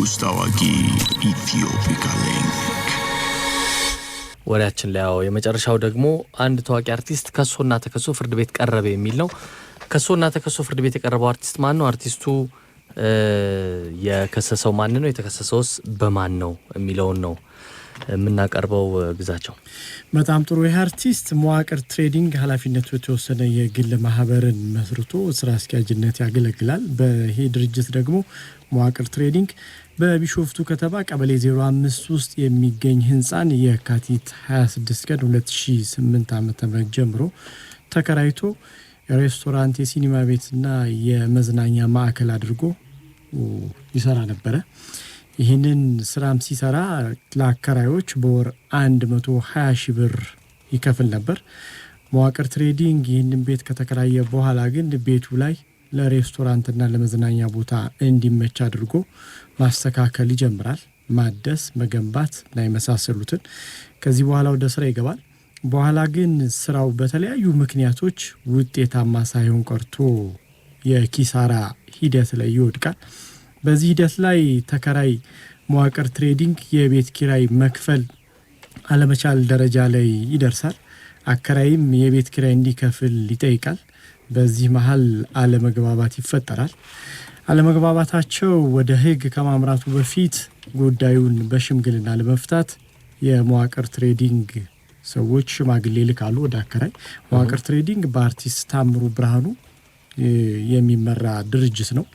ውስጥ አዋቂ ኢትዮፒካ ሊንክ ወሬያችን ላይ ያው የመጨረሻው ደግሞ አንድ ታዋቂ አርቲስት ከሶና ተከሶ ፍርድ ቤት ቀረበ የሚል ነው። ከሶና ተከሶ ፍርድ ቤት የቀረበው አርቲስት ማን ነው? አርቲስቱ የከሰሰው ማን ነው? የተከሰሰውስ በማን ነው የሚለውን ነው የምናቀርበው ግዛቸው። በጣም ጥሩ። ይህ አርቲስት መዋቅር ትሬዲንግ ኃላፊነቱ የተወሰነ የግል ማህበርን መስርቶ ስራ አስኪያጅነት ያገለግላል። በይሄ ድርጅት ደግሞ መዋቅር ትሬዲንግ በቢሾፍቱ ከተማ ቀበሌ 05 ውስጥ የሚገኝ ህንፃን የካቲት 26 ቀን 2008 ም ጀምሮ ተከራይቶ ሬስቶራንት የሲኒማ ቤትና የመዝናኛ ማዕከል አድርጎ ይሰራ ነበረ። ይህንን ስራም ሲሰራ ለአከራዮች በወር 120 ሺህ ብር ይከፍል ነበር። መዋቅር ትሬዲንግ ይህንን ቤት ከተከራየ በኋላ ግን ቤቱ ላይ ለሬስቶራንትና ለመዝናኛ ቦታ እንዲመች አድርጎ ማስተካከል ይጀምራል። ማደስ፣ መገንባት እና የመሳሰሉትን ከዚህ በኋላ ወደ ስራ ይገባል። በኋላ ግን ስራው በተለያዩ ምክንያቶች ውጤታማ ሳይሆን ቀርቶ የኪሳራ ሂደት ላይ ይወድቃል። በዚህ ሂደት ላይ ተከራይ መዋቅር ትሬዲንግ የቤት ኪራይ መክፈል አለመቻል ደረጃ ላይ ይደርሳል። አከራይም የቤት ኪራይ እንዲከፍል ይጠይቃል። በዚህ መሀል አለመግባባት ይፈጠራል። አለመግባባታቸው ወደ ሕግ ከማምራቱ በፊት ጉዳዩን በሽምግልና ለመፍታት የመዋቅር ትሬዲንግ ሰዎች ሽማግሌ ይልካሉ ወደ አከራይ። መዋቅር ትሬዲንግ በአርቲስት ታምሩ ብርሃኑ የሚመራ ድርጅት ነው።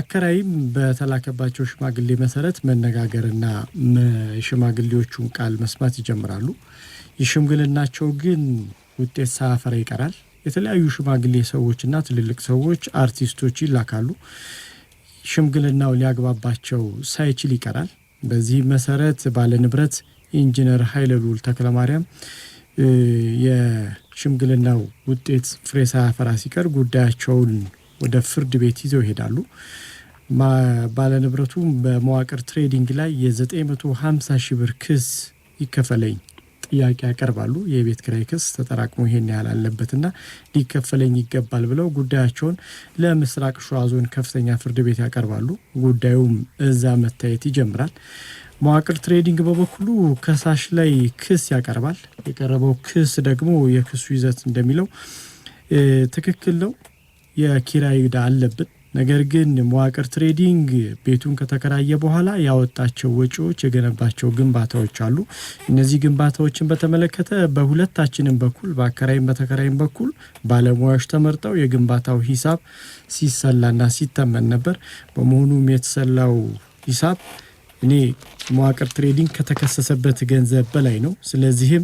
አከራይም በተላከባቸው ሽማግሌ መሰረት መነጋገርና የሽማግሌዎቹን ቃል መስማት ይጀምራሉ። የሽምግልናቸው ግን ውጤት ሳያፈራ ይቀራል። የተለያዩ ሽማግሌ ሰዎችና ትልልቅ ሰዎች፣ አርቲስቶች ይላካሉ። ሽምግልናው ሊያግባባቸው ሳይችል ይቀራል። በዚህ መሰረት ባለንብረት ኢንጂነር ኃይለ ተክለ ማርያም የሽምግልናው ውጤት ፍሬ ሳያፈራ ሲቀር ጉዳያቸውን ወደ ፍርድ ቤት ይዘው ይሄዳሉ። ባለንብረቱ በመዋቅር ትሬዲንግ ላይ የ950 ሺህ ብር ክስ ይከፈለኝ ጥያቄ ያቀርባሉ። የቤት ክራይ ክስ ተጠራቅሞ ይሄን ያህል አለበትና ሊከፈለኝ ይገባል ብለው ጉዳያቸውን ለምስራቅ ሸዋ ዞን ከፍተኛ ፍርድ ቤት ያቀርባሉ። ጉዳዩም እዛ መታየት ይጀምራል። መዋቅር ትሬዲንግ በበኩሉ ከሳሽ ላይ ክስ ያቀርባል። የቀረበው ክስ ደግሞ የክሱ ይዘት እንደሚለው ትክክል ነው የኪራይ ዕዳ አለብን። ነገር ግን መዋቅር ትሬዲንግ ቤቱን ከተከራየ በኋላ ያወጣቸው ወጪዎች፣ የገነባቸው ግንባታዎች አሉ። እነዚህ ግንባታዎችን በተመለከተ በሁለታችንም በኩል በአከራይም በተከራይም በኩል ባለሙያዎች ተመርጠው የግንባታው ሂሳብ ሲሰላና ሲተመን ነበር። በመሆኑም የተሰላው ሂሳብ እኔ መዋቅር ትሬዲንግ ከተከሰሰበት ገንዘብ በላይ ነው። ስለዚህም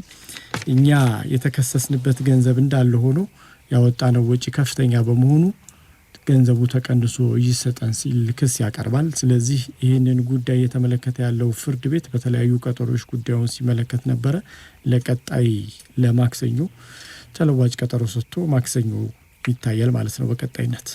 እኛ የተከሰስንበት ገንዘብ እንዳለ ሆኖ ያወጣነው ወጪ ከፍተኛ በመሆኑ ገንዘቡ ተቀንሶ ይሰጠን ሲል ክስ ያቀርባል። ስለዚህ ይህንን ጉዳይ እየተመለከተ ያለው ፍርድ ቤት በተለያዩ ቀጠሮች ጉዳዩን ሲመለከት ነበረ። ለቀጣይ ለማክሰኞ ተለዋጭ ቀጠሮ ሰጥቶ ማክሰኞ ይታያል ማለት ነው በቀጣይነት